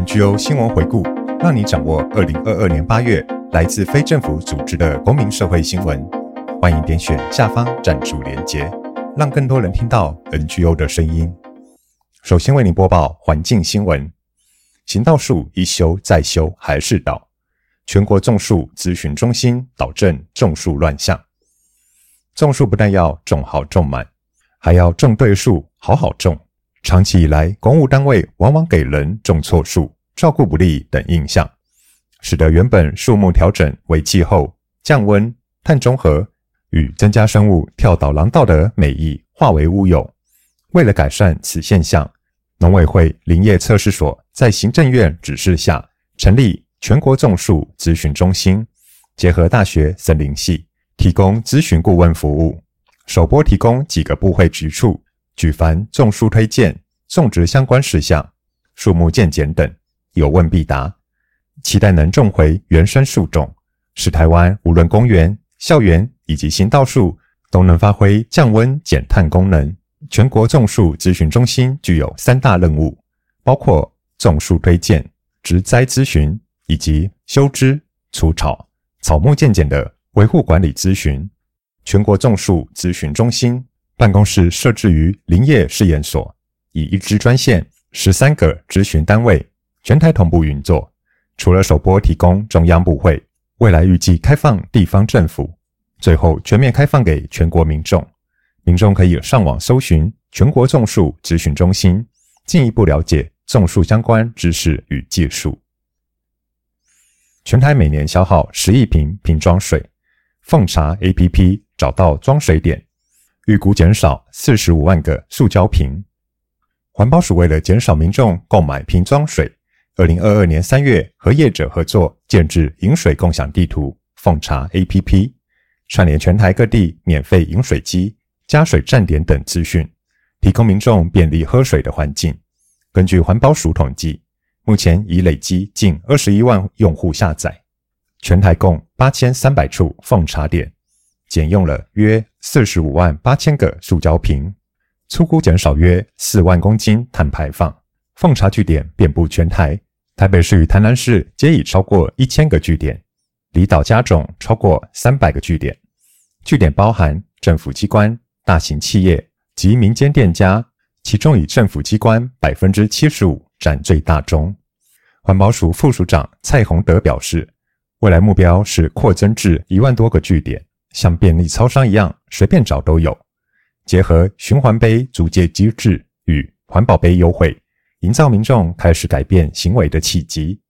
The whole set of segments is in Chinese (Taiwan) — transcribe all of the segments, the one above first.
NGO 新聞回顧，讓你掌握2022年8月來自非政府組織的公民社會新聞。歡迎點選下方贊助鏈接，讓更多人聽到 NGO 的聲音。首先為您播報環境新聞：行道樹一修再修還是倒，全國種樹諮詢中心導正種樹亂象。種樹不但要種好種滿，還要種對樹，好好種。長期以來，公務單位往往給人種錯樹、照顧不力等印象，使得原本樹木調整為氣候降溫、碳中和與增加生物跳島廊道的美意化為烏有。為了改善此現象，農委會林業測試所在行政院指示下成立全國種樹諮詢中心，結合大學森林系提供諮詢顧問服務，首波提供幾個部會局處。舉凡種樹推薦、種植相關事項、樹木健檢等，有問必答。期待能種回原生樹種，使台灣無論公園、校園以及行道樹，都能發揮降溫減碳功能。全國種樹諮詢中心具有三大任務，包括種樹推薦、植栽諮詢以及修枝除草、草木健檢的維護管理諮詢。全國種樹諮詢中心，辦公室設置於林業試驗所，以一支專線、十三個諮詢單位，全台同步運作。除了首播提供中央部會，未來預計開放地方政府，最後全面開放給全國民眾。民眾可以上網搜尋全國種樹諮詢中心，進一步了解種樹相關知識與技術。全台每年消耗十億瓶瓶裝水，奉茶 APP 找到裝水點。預估減少四十五萬個塑膠瓶。環保署為了減少民眾購買瓶裝水，二零二二年三月和業者合作，建置飲水共享地圖奉茶 APP，串聯全台各地免費飲水機、加水站點等資訊，提供民眾便利喝水的環境。根據環保署統計，目前已累積近二十一萬用戶下載，全台共八千三百處奉茶點，減用了約四十五萬八千個塑膠瓶，粗估減少約四萬公斤碳排放。奉茶據點遍布全台，台北市與台南市皆已超過一千個據點，離島加總超過三百個據點。據點包含政府機關、大型企業及民間店家，其中以政府機關百分之七十五佔最大宗。環保署副署長蔡洪德表示，未來目標是擴增至一萬多個據點，像便利超商一樣，隨便找都有。結合循環杯租借機制與環保杯優惠，營造民眾開始改變行為的契機，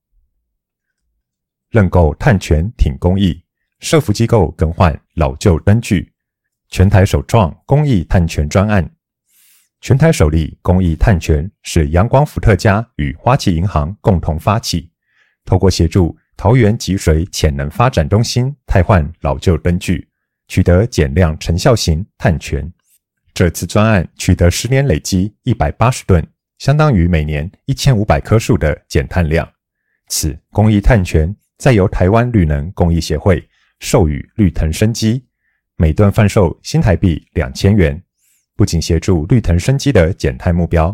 認購碳權挺公益，社福機構更換老舊燈具，全台首創公益碳權專案。全台首例公益碳權是陽光伏特家與花旗銀行共同發起，透過協助桃園汲水潛能發展中心汰換老舊燈具取得減量成效型碳權，這次專案取得十年累積一百八十噸，相當於每年一千五百棵樹的減碳量。此公益碳權再由台灣綠能公益協會授予綠藤生機，每噸販售新台幣兩千元，不僅協助綠藤生機的減碳目標，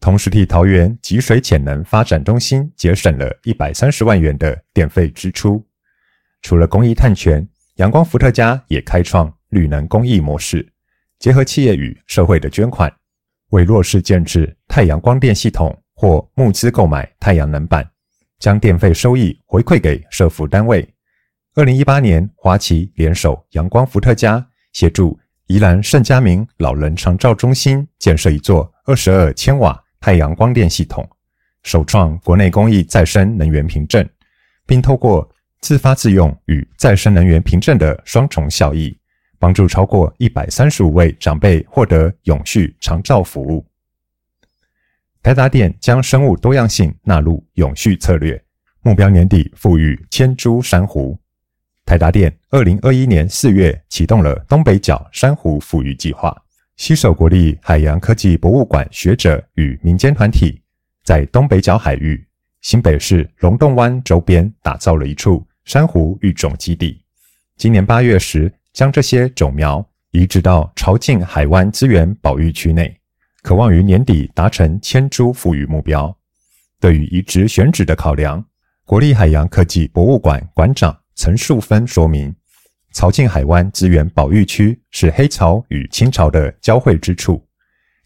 同時替桃園脊髓潛能發展中心節省了一百三十萬元的電費支出。除了公益碳權，陽光伏特加也開創綠能公益模式，結合企業與社會的捐款，為弱勢建置太陽光電系統或募資購買太陽能板，將電費收益回饋給社福單位。二零一八年，華旗聯手陽光伏特加，協助宜蘭盛家明老人長照中心建設一座二十二千瓦太陽光電系統，首創國內公益再生能源憑證，並透過。自發自用與再生能源憑證的雙重效益，幫助超過一百三十五位長輩獲得永續長照服務。台達電將生物多樣性納入永續策略，目標年底復育千株珊瑚。台達電二零二一年四月啟動了東北角珊瑚復育計劃，吸收國立海洋科技博物館學者與民間團體，在東北角海域，新北市龍洞灣周邊打造了一處。珊瑚育種基地。今年八月時將這些種苗移植到潮境海灣資源保育區內，渴望於年底達成千株復育目標。對於移植選址的考量，國立海洋科技博物館館，館長陳樹芬說明，潮境海灣資源保育區是黑潮與青潮的交匯之處，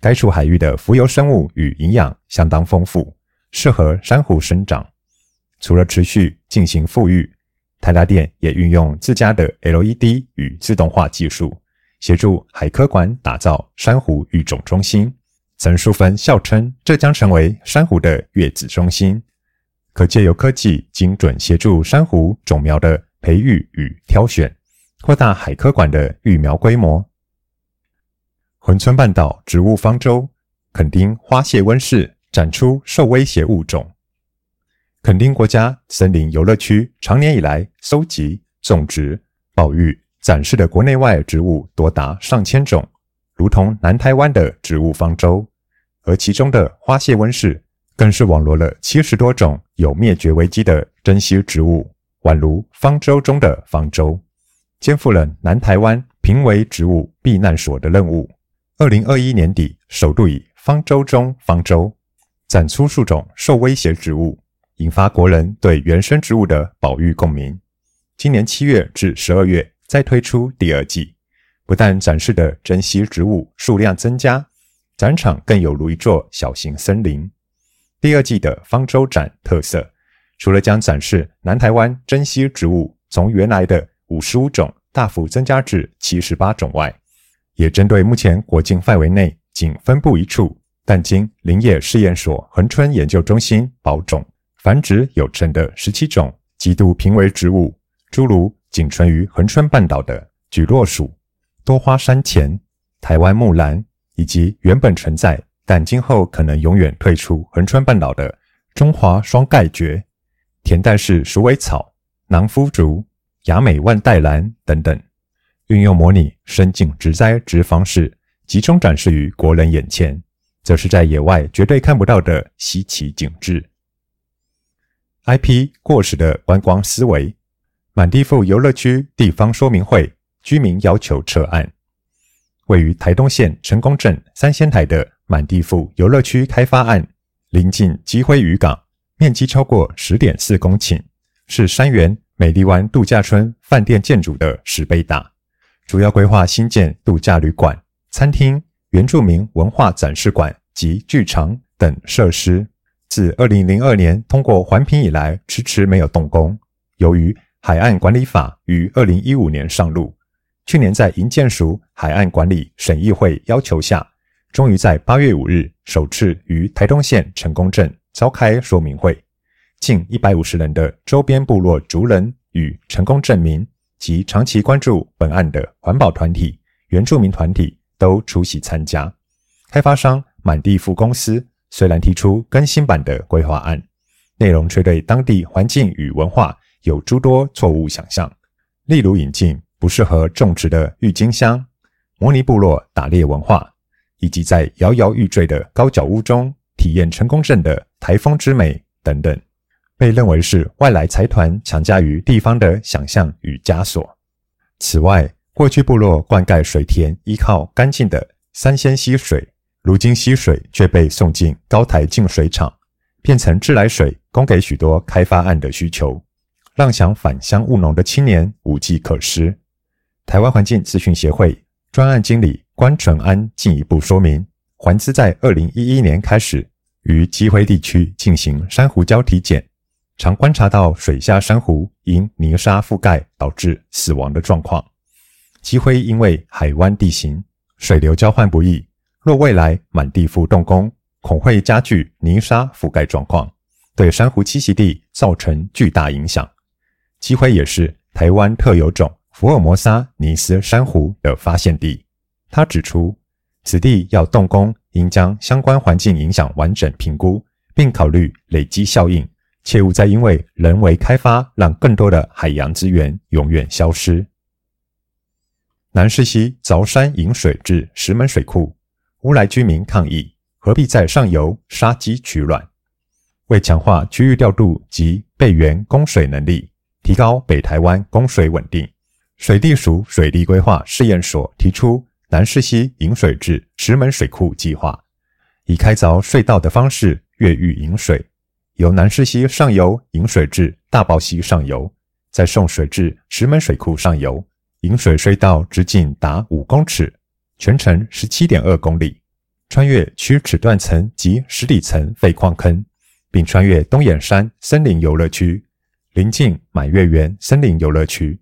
該處海域的浮游生物與營養相當豐富，適合珊瑚生長。除了持續進行復育，台達電也運用自家的 LED 與自動化技術，協助海科館打造珊瑚育種中心。曾淑芬笑稱，這將成為珊瑚的月子中心，可借由科技精準協助珊瑚種苗的培育與挑選，擴大海科館的育苗規模。恆春半島植物方舟，墾丁花榭溫室展出受威脅物種。墾丁國家森林遊樂區長年以來收集、種植、保育、展示的國內外植物多達上千種，如同南台灣的植物方舟。而其中的花榭溫室更是網羅了七十多種有滅絕危機的珍稀植物，宛如方舟中的方舟，肩負了南台灣評為植物避難所的任務。二零二一年底，首度以方舟中方舟，展出數種受威脅植物，引發國人對原生植物的保育共鳴。今年七月至十二月再推出第二季，不但展示的珍稀植物數量增加，展場更有如一座小型森林。第二季的方舟展特色，除了將展示南台灣珍稀植物從原來的五十五種大幅增加至七十八種外，也針對目前國境範圍內僅分布一處，但經林業試驗所恆春研究中心保種，繁殖有成的十七種極度瀕危植物，諸如僅存於恆春半島的菊落屬、多花山前、台灣木蘭，以及原本存在但今後可能永遠退出恆春半島的中華雙蓋蕨、田代氏鼠尾草、囊夫竹、雅美萬代蘭等等。運用模擬深井植栽植方式集中展示於國人眼前，則是在野外絕對看不到的稀奇景致。挨批過時的觀光思維，滿地富遊樂區地方說明會，居民要求撤案。位於台東縣成功鎮三仙台的滿地富遊樂區開發案，臨近基翬漁港，面積超過十點四公頃，是杉原美麗灣度假村飯店建築的十倍大。主要規劃新建度假旅館、餐廳、原住民文化展示館及劇場等設施。自二零零二年通過環評以來，遲遲沒有動工。由於海岸管理法於二零一五年上路，去年在營建署海岸管理審議會要求下，終於在八月五日首次於台東縣成功鎮召開說明會。近一百五十人的周邊部落族人與成功鎮民及長期關注本案的環保團體、原住民團體都出席參加。開發商滿地富公司，雖然提出更新版的規劃案，內容卻對當地環境與文化有諸多錯誤想象，例如引進不適合種植的鬱金香、模擬部落打獵文化，以及在搖搖欲墜的高腳屋中體驗成功鎮的台風之美等等，被認為是外來財團強加於地方的想象與枷鎖。此外，過去部落灌溉水田依靠乾淨的三仙溪水。如今溪水卻被送進高台淨水廠，變成自來水供給許多開發案的需求，讓想返鄉務農的青年無計可施。台灣環境資訊協會專案經理關純安進一步說明，環資在二零一一年開始於基翬地區進行珊瑚礁體檢，常觀察到水下珊瑚因泥沙覆蓋導致死亡的狀況。基翬因為海灣地形，水流交換不易。若未來滿地富動工，恐會加劇泥沙覆蓋狀況，對珊瑚棲息地造成巨大影響。基翬也是台灣特有種福爾摩沙尼斯珊瑚的發現地。他指出，此地要動工，應將相關環境影響完整評估，並考慮累積效應，切勿再因為人為開發，讓更多的海洋資源永遠消失。南勢溪鑿山引水至石門水庫。烏來居民抗議，何必在上游殺雞取卵？為強化區域調度及備援供水能力，提高北台灣供水穩定，水利署水利規劃試驗所提出南勢溪引水至石門水庫計劃，以開鑿隧道的方式越域引水，由南勢溪上游引水至大霸溪上游，再送水至石門水庫上游。引水隧道直徑達五公尺。全程十七點二公里，穿越屈尺斷層及石底層廢礦坑，並穿越東眼山森林遊樂區，臨近滿月圓森林遊樂區。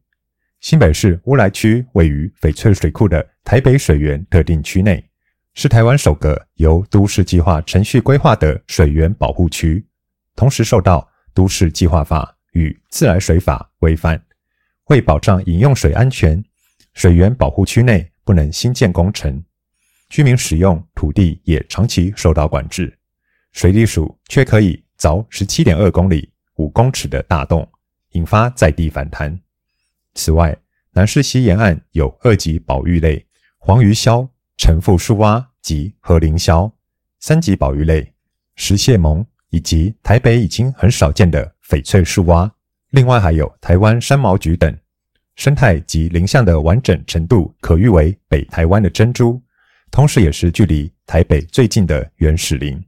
新北市烏來區位於翡翠水庫的台北水源特定區內，是台灣首個由都市計劃程序規劃的水源保護區，同時受到都市計劃法與自來水法規範。為保障飲用水安全，水源保護區內，不能新建工程，居民使用土地也長期受到管制。水利署卻可以鑿十七點二公里五公尺的大洞，引發在地反彈。此外，南勢溪沿岸有二級保育類黃魚鴞、橙腹樹蛙及褐林鴞，三級保育類食蟹獴，以及台北已經很少見的翡翠樹蛙。另外還有台灣山毛櫸等。生態及林相的完整程度，可譽為北台灣的珍珠，同時也是距離台北最近的原始林。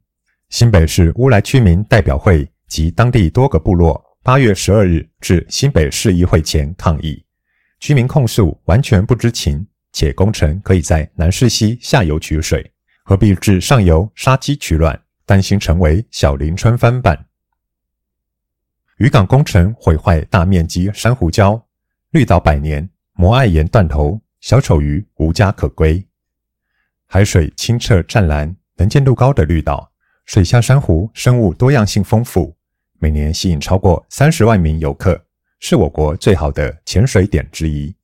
新北市烏來區民代表會及當地多個部落，八月十二日至新北市議會前抗議。居民控訴完全不知情，且工程可以在南勢溪下游取水，何必至上游殺雞取卵？擔心成為小林村翻版。漁港工程毀壞大面積珊瑚礁。綠島百年，摩艾岩斷頭，小丑魚無家可歸。海水清澈湛藍，能見度高的綠島，水下珊瑚生物多樣性豐富，每年吸引超過三十萬名遊客，是我國最好的潛水點之一，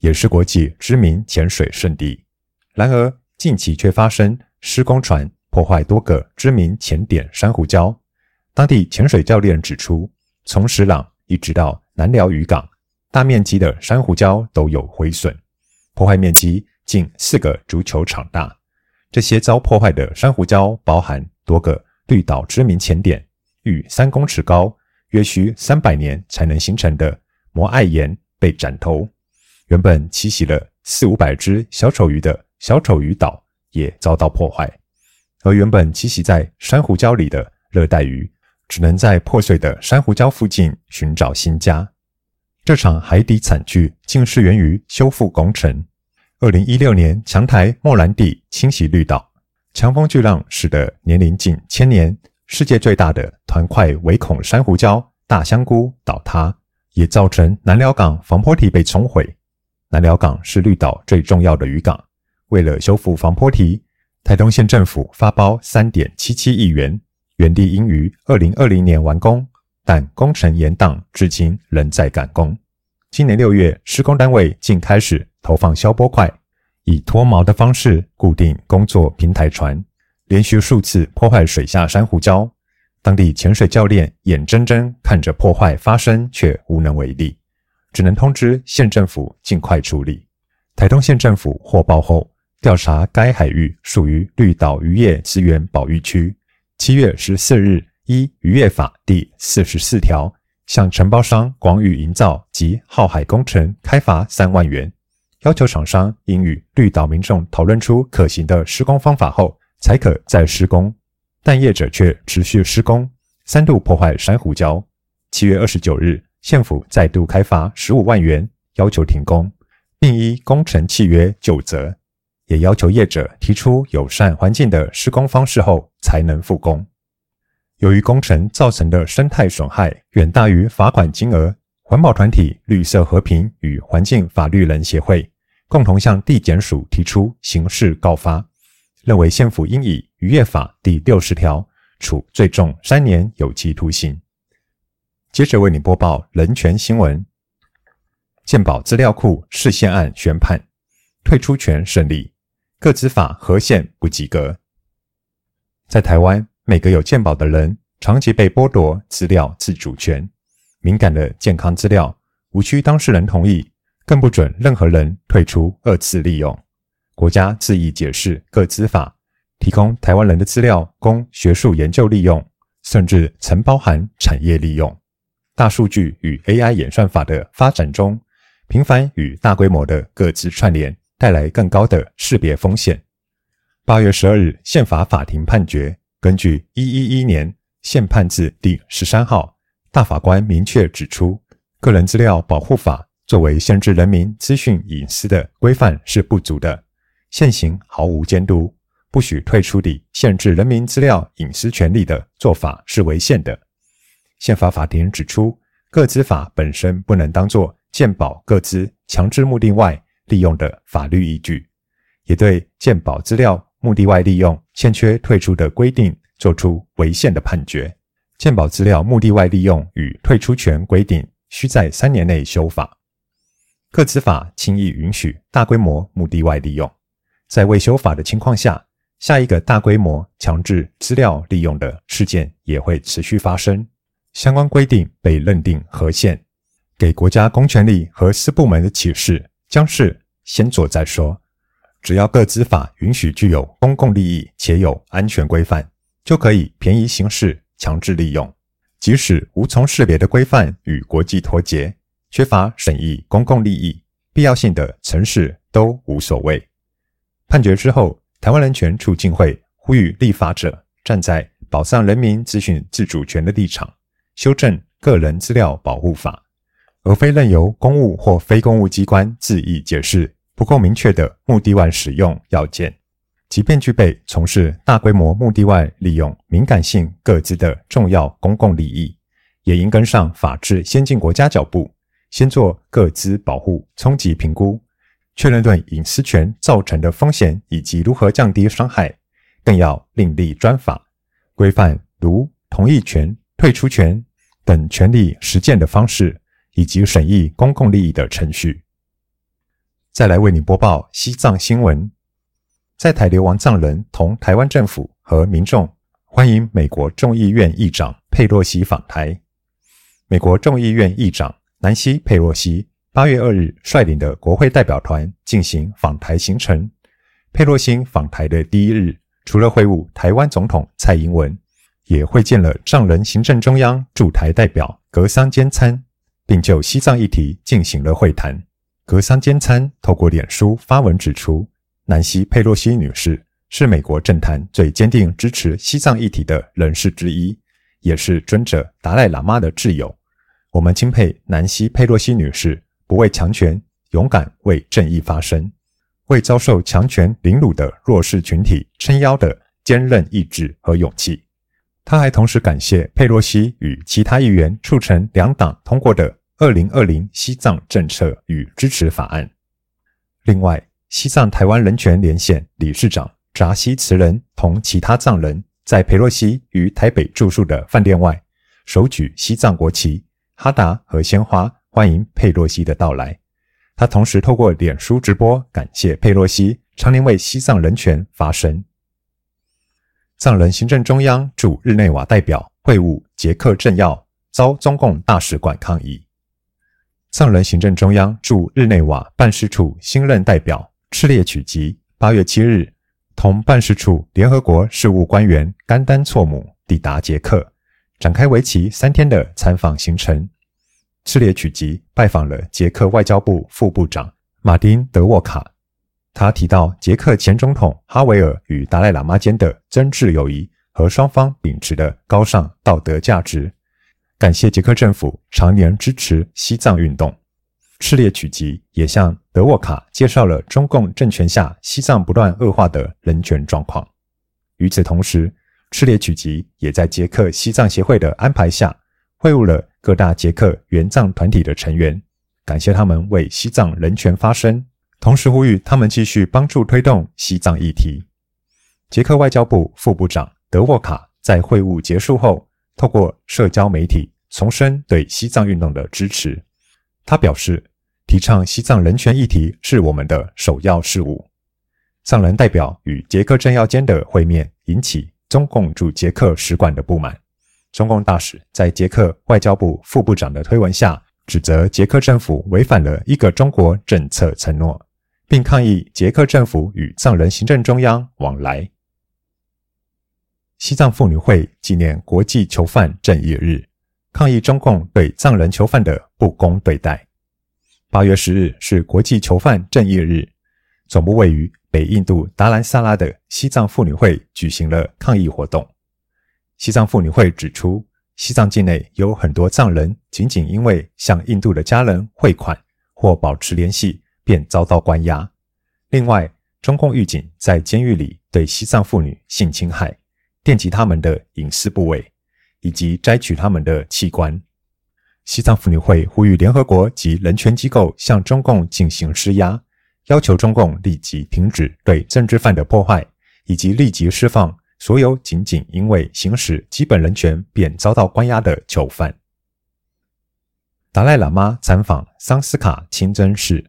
也是國際知名潛水勝地。然而，近期卻發生施工船破壞多個知名潛點珊瑚礁。當地潛水教練指出，從石朗一直到南寮漁港，大面積的珊瑚礁都有毀損，破壞面積近四個足球場大。這些遭破壞的珊瑚礁包含多個綠島知名潛點逾三公尺高、約需三百年才能形成的摩艾岩被斬頭。原本棲息了四五百隻小丑魚的小丑魚島也遭到破壞，而原本棲息在珊瑚礁裡的熱帶魚，只能在破碎的珊瑚礁附近尋找新家。這場海底慘劇竟是源於修復工程。二零一六年，強颱風莫蘭蒂侵襲綠島，強風巨浪使得年齡近千年、世界最大的團塊微孔珊瑚礁大香菇倒塌，也造成南寮港防波堤被沖毀。南寮港是綠島最重要的漁港。為了修復防波堤，台東縣政府發包三點七七億元，原定應於二零二零年完工。但工程延宕，至今仍在趕工。今年六月，施工單位竟開始投放消波塊，以脫錨的方式固定工作平台船，連續數次破壞水下珊瑚礁。當地潛水教練眼睜睜看着破壞發生，卻無能為力，只能通知縣政府儘快處理。台東縣政府獲報後，調查該海域屬於綠島漁業資源保育區。七月十四日，依漁業法第四十四條，向承包商廣宇營造及浩海工程開罰三萬元，要求廠商應與綠島民眾討論出可行的施工方法後，才可再施工。但業者卻持續施工，三度破壞珊瑚礁。七月二十九日，縣府再度開罰十五萬元，要求停工，並依工程契約九則，也要求業者提出友善環境的施工方式後，才能復工。由於工程造成的生態損害遠大於罰款金額，環保團體綠色和平與環境法律人協會共同向地檢署提出刑事告發，認為縣府應以漁業法第六十條處最重三年有期徒刑。接着為你播報人權新聞：健保資料庫釋憲案宣判，退出權勝利，個資法合憲不及格，在台灣。每個有健保的人，長期被剝奪資料自主權。敏感的健康資料，無需當事人同意，更不准任何人退出二次利用。國家恣意解釋個資法，提供台灣人的資料供學術研究利用，甚至曾包含產業利用。大數據與 AI 演算法的發展中，頻繁與大規模的個資串聯，帶來更高的識別風險。八月十二日，憲法法庭判決。根據一一一年憲判字第十三號，大法官明確指出，個人資料保護法作為限制人民資訊隱私的規範是不足的，現行毫無監督，不許退出的限制人民資料隱私權利的做法是違憲的。憲法法庭指出，個資法本身不能當作健保個資強制目的外利用的法律依據，也對健保資料目的外利用欠缺退出的規定，作出違憲的判決。健保資料目的外利用與退出權規定需在三年內修法。個資法輕易允許大規模目的外利用，在未修法的情況下，下一個大規模強制資料利用的事件也會持續發生。相關規定被認定合憲，給國家公權力和私部門的啟示將是先做再說。只要個資法允許具有公共利益且有安全規範，就可以便宜行事、強制利用，即使無從識別的規範與國際脫節、缺乏審議、公共利益必要性的程式都無所謂。判決之後，台灣人權促進會呼籲立法者站在保障人民資訊自主權的立場，修正個人資料保護法，而非任由公務或非公務機關恣意解釋。不夠明確的目的外使用要件，即便具備從事大規模目的外利用敏感性個資的重要公共利益，也應跟上法治先進國家腳步，先做個資保護衝擊評估，確認對隱私權造成的風險以及如何降低傷害，更要另立專法，規範如同意權、退出權等權利實踐的方式，以及審議公共利益的程序。再來為你播報西藏新聞。在台流亡藏人同台灣政府和民眾歡迎美國眾議院議長佩洛西訪台。美國眾議院議長南希·佩洛西八月二日率領的國會代表團進行訪台行程。佩洛西訪台的第一日，除了會晤台灣總統蔡英文，也會見了藏人行政中央駐台代表格桑堅參，並就西藏議題進行了會談。格桑堅參透過臉書發文指出，南希·佩洛西女士是美國政壇最堅定支持西藏議題的人士之一，也是尊者達賴喇嘛的摯友。我們欽佩南希·佩洛西女士不畏強權，勇敢為正義發聲，為遭受強權凌辱的弱勢群體撐腰的堅韌意志和勇氣。他還同時感謝佩洛西與其他議員促成兩黨通過的。二零二零西藏政策與支持法案。另外，西藏台灣人權連線理事長扎西慈仁同其他藏人，在佩洛西於台北住宿的飯店外，手舉西藏國旗、哈達和鮮花，歡迎佩洛西的到來。他同時透過臉書直播，感謝佩洛西常年為西藏人權發聲。藏人行政中央駐日內瓦代表會晤捷克政要，遭中共大使館抗議。藏人行政中央駐日內瓦辦事處新任代表赤列曲吉八月七日，同辦事處聯合國事務官員甘丹措姆抵達捷克，展開為期三天的參訪行程。赤列曲吉拜訪了捷克外交部副部長馬丁·德沃卡，他提到捷克前總統哈維爾與達賴喇嘛間的真摯友誼和雙方秉持的高尚道德價值。感謝捷克政府常年支持西藏運動。赤列曲吉也向德沃卡介紹了中共政權下西藏不斷惡化的人權狀況。與此同時，赤列曲吉也在捷克西藏協會的安排下，會晤了各大捷克援藏團體的成員，感謝他們為西藏人權發聲，同時呼籲他們繼續幫助推動西藏議題。捷克外交部副部長德沃卡在會晤結束後，透過社交媒體重申對西藏運動的支持，他表示，提倡西藏人權議題是我們的首要事務。藏人代表與捷克政要間的會面引起中共駐捷克使館的不滿。中共大使在捷克外交部副部長的推文下，指責捷克政府違反了一個中國政策承諾，並抗議捷克政府與藏人行政中央往來。西藏婦女會紀念國際囚犯正義日，抗議中共對藏人囚犯的不公對待。八月十日是國際囚犯正義日，總部位於北印度達蘭薩拉的西藏婦女會舉行了抗議活動。西藏婦女會指出，西藏境內有很多藏人，僅僅因為向印度的家人匯款或保持聯繫，便遭到關押。另外，中共獄警在監獄裡對西藏婦女性侵害。電擊他們的隱私部位，以及摘取他們的器官。西藏婦女會呼籲聯合國及人權機構向中共進行施壓，要求中共立即停止對政治犯的破壞，以及立即釋放所有僅僅因為行使基本人權便遭到關押的囚犯。達賴喇嘛參訪桑斯卡清真寺，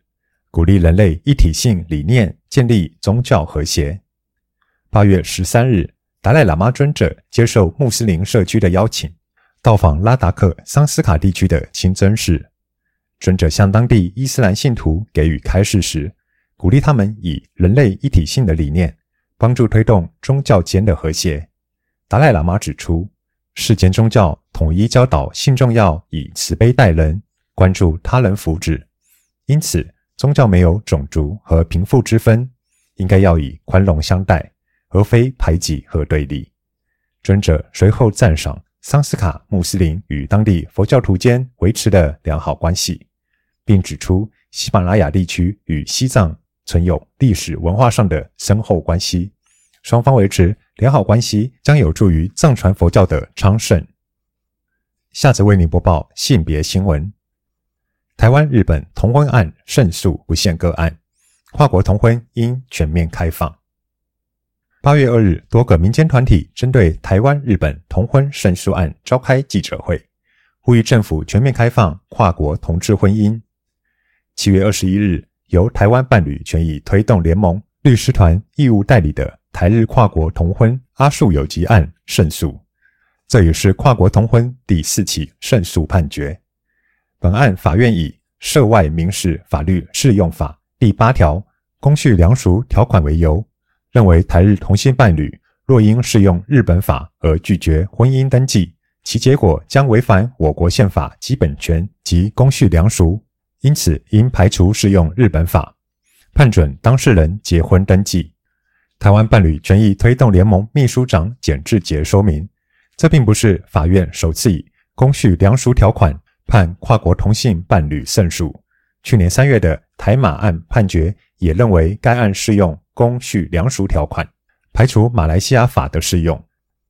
鼓勵人類一體性理念，建立宗教和諧。八月十三日。達賴喇嘛尊者接受穆斯林社區的邀請，到訪拉達克桑斯卡地區的清真寺。尊者向當地伊斯蘭信徒給予開示時，鼓勵他們以人類一體性的理念，幫助推動宗教間的和諧。達賴喇嘛指出，世間宗教統一教導信眾要以慈悲待人，關注他人福祉。因此，宗教沒有種族和貧富之分，應該要以寬容相待，而非排擠和對立。尊者隨後讚賞桑斯卡穆斯林與當地佛教徒間維持的良好關係，並指出喜馬拉雅地區與西藏存有歷史文化上的深厚關係，雙方維持良好關係將有助於藏傳佛教的昌盛。下次為您播報性別新聞：台灣日本同婚案勝訴不限個案，跨國同婚應全面開放。八月二日，多個民間團體針對台灣日本同婚勝訴案召開記者會，呼籲政府全面開放跨國同志婚姻。七月二十一日，由台灣伴侶權益推動聯盟律師團義務代理的台日跨國同婚阿樹有吉案勝訴，這也是跨國同婚第四起勝訴判決。本案法院以涉外民事法律適用法第八條公序良俗條款為由。認為台日同性伴侶若因適用日本法而拒絕婚姻登記，其結果將違反我國憲法基本權及公序良俗，因此應排除適用日本法，判准當事人結婚登記。台灣伴侶權益推動聯盟秘書長簡志杰說明，這並不是法院首次以公序良俗條款判跨國同性伴侶勝訴。去年三月的台馬案判決也認為，該案適用公序良俗條款，排除馬來西亞法的適用。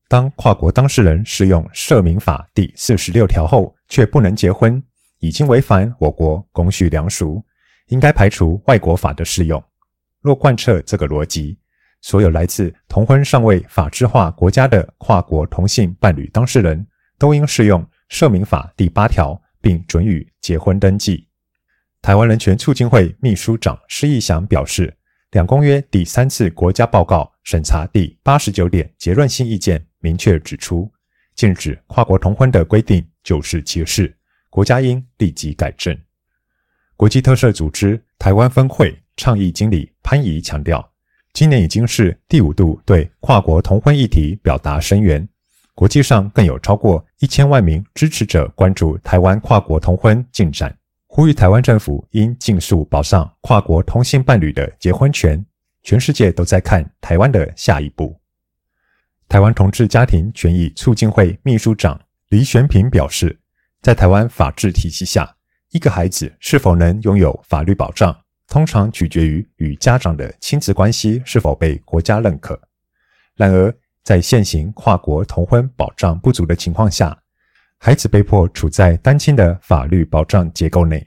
當跨國當事人適用涉民法第四十六條後，卻不能結婚，已經違反我國公序良俗，應該排除外國法的適用。若貫徹這個邏輯，所有來自同婚尚未法制化國家的跨國同性伴侶當事人，都應適用涉民法第八條，並准予結婚登記。台灣人權促進會秘書長施逸翔表示，兩公約第三次國家報告審查第八十九點結論性意見明確指出，禁止跨國同婚的規定就是歧視，國家應立即改正。國際特赦組織台灣分會倡議經理潘儀強調，今年已經是第五度對跨國同婚議題表達聲援，國際上更有超過一千萬名支持者關注台灣跨國同婚進展。呼籲台灣政府應盡速保障跨國同性伴侶的結婚權。全世界都在看台灣的下一步。台灣同志家庭權益促進會秘書長黎璇平表示，在台灣法治體系下，一個孩子是否能擁有法律保障，通常取決於與家長的親子關係是否被國家認可。然而，在現行跨國同婚保障不足的情況下，孩子被迫處在單親的法律保障結構內，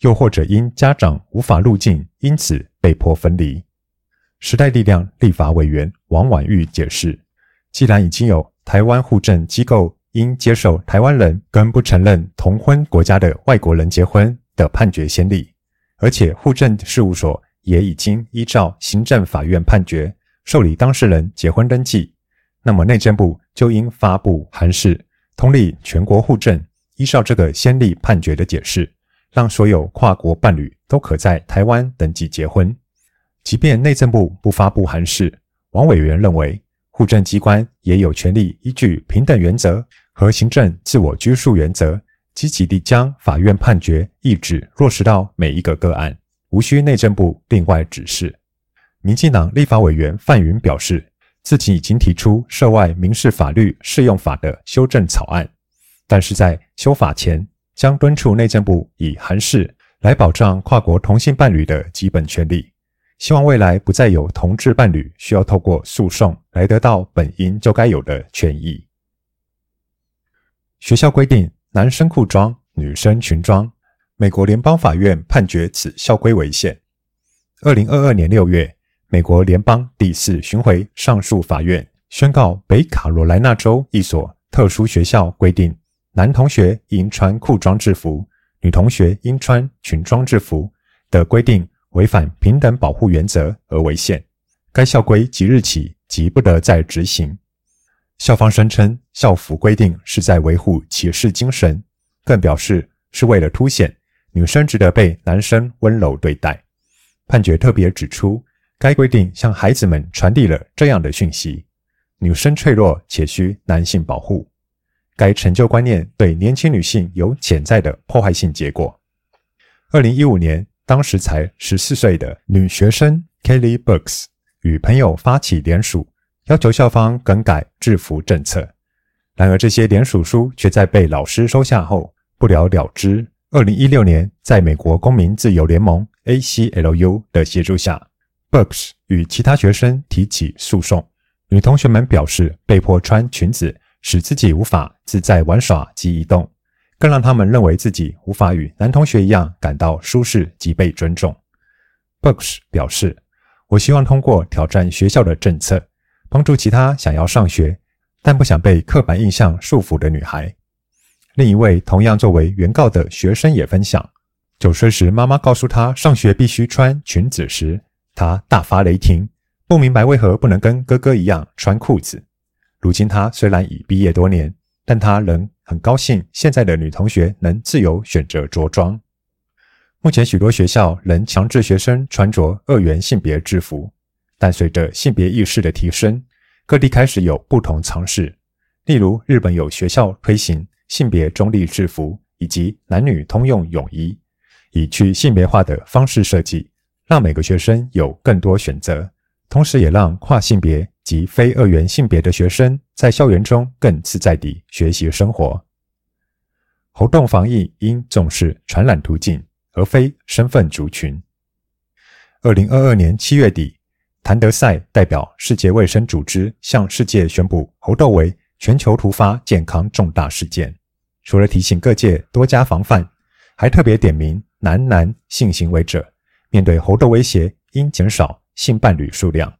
又或者因家長無法入境，因此被迫分離。時代力量立法委員王婉諭解釋：既然已經有台灣戶政機構應接受台灣人跟不承認同婚國家的外國人結婚的判決先例，而且戶政事務所也已經依照行政法院判決受理當事人結婚登記，那麼內政部就應發布函釋。通令，全國戶政依照這個先例判決的解釋，讓所有跨國伴侶都可在台灣登記結婚，即便內政部不發布函示，王委員認為，戶政機關也有權利依據平等原則和行政自我拘束原則，積極地將法院判決意旨落實到每一個個案，無需內政部另外指示。民進黨立法委員范雲表示。自己已經提出涉外民事法律適用法的修正草案，但是在修法前，將敦促內政部以函示來保障跨國同性伴侶的基本權利，希望未來不再有同志伴侶需要透過訴訟來得到本應就該有的權益。學校規定男生褲裝、女生裙裝，美國聯邦法院判決此校規違憲。二零二二年六月。美國聯邦第四巡迴上訴法院宣告，北卡羅來納州一所特殊學校規定男同學應穿褲裝制服，女同學應穿裙裝制服的規定違反平等保護原則而違憲。該校規即日起即不得再執行。校方聲稱，校服規定是在維護騎士精神，更表示是為了凸顯女生值得被男生溫柔對待。判決特別指出。該規定向孩子們傳遞了這樣的訊息：女生脆弱且需男性保護。該陳舊觀念對年輕女性有潛在的破壞性結果。二零一五年，當時才十四歲的女學生 Kelly Brooks 與朋友發起聯署，要求校方更改制服政策。然而，這些聯署書卻在被老師收下後不了了之。二零一六年，在美國公民自由聯盟 （ACLU） 的協助下，Bucks 與其他學生提起訴訟。女同學們表示，被迫穿裙子使自己無法自在玩耍及移動，更讓他們認為自己無法與男同學一樣感到舒適及被尊重。Bucks 表示：“我希望通過挑戰學校的政策，幫助其他想要上學但不想被刻板印象束縛的女孩。”另一位同樣作為原告的學生也分享：“九歲時，媽媽告訴她上學必須穿裙子時。”他大發雷霆，不明白為何不能跟哥哥一樣穿褲子。如今他雖然已畢業多年，但他仍很高興現在的女同學能自由選擇着裝。目前許多學校仍強制學生穿着二元性別制服，但隨着性別意識的提升，各地開始有不同嘗試。例如，日本有學校推行性別中立制服以及男女通用泳衣，以去性別化的方式設計。讓每個學生有更多選擇，同時也讓跨性別及非二元性別的學生在校園中更自在地學習生活。猴痘防疫應重視傳染途徑，而非身份族群。二零二二年七月底，譚德塞代表世界衛生組織向世界宣布猴痘為全球突發健康重大事件。除了提醒各界多加防範，還特別點名男男性行為者。面對猴痘威脅，應減少性伴侶數量。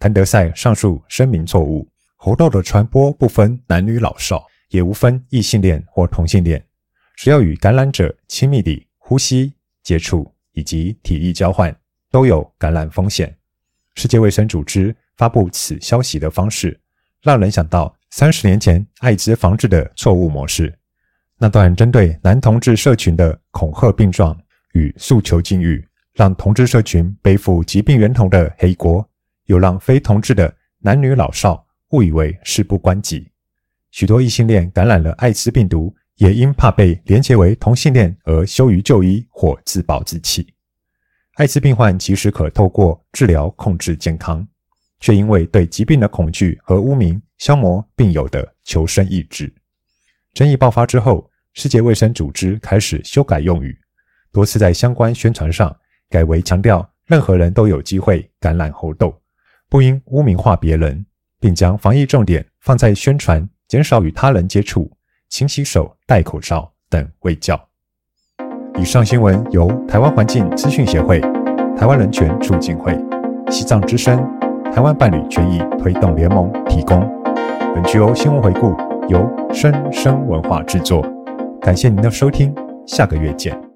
譚德塞上述聲明錯誤，猴痘的傳播不分男女老少，也無分異性戀或同性戀，只要與感染者親密的呼吸接觸以及體液交換，都有感染風險。世界衛生組織發布此消息的方式，讓人想到三十年前艾滋防治的錯誤模式。那段針對男同志社群的恐嚇病狀與訴求禁欲，讓同志社群背負疾病源頭的黑鍋，又讓非同志的男女老少誤以為事不關己。許多異性戀感染了艾滋病毒，也因怕被連結為同性戀而羞於就醫或自暴自棄。艾滋病患其實可透過治療控制健康，卻因為對疾病的恐懼和污名，消磨病友的求生意志。爭議爆發之後，世界衛生組織開始修改用語，多次在相關宣傳上。改為強調任何人都有機會感染猴痘，不應污名化別人，並將防疫重點放在宣傳、減少與他人接觸、勤洗手、戴口罩等衛教。以上新聞由台灣環境資訊協會、台灣人權促進會、西藏之聲、台灣伴侶權益推動聯盟提供。本集 NGO 新聞回顧由生聲文化制作，感謝您的收聽，下個月見。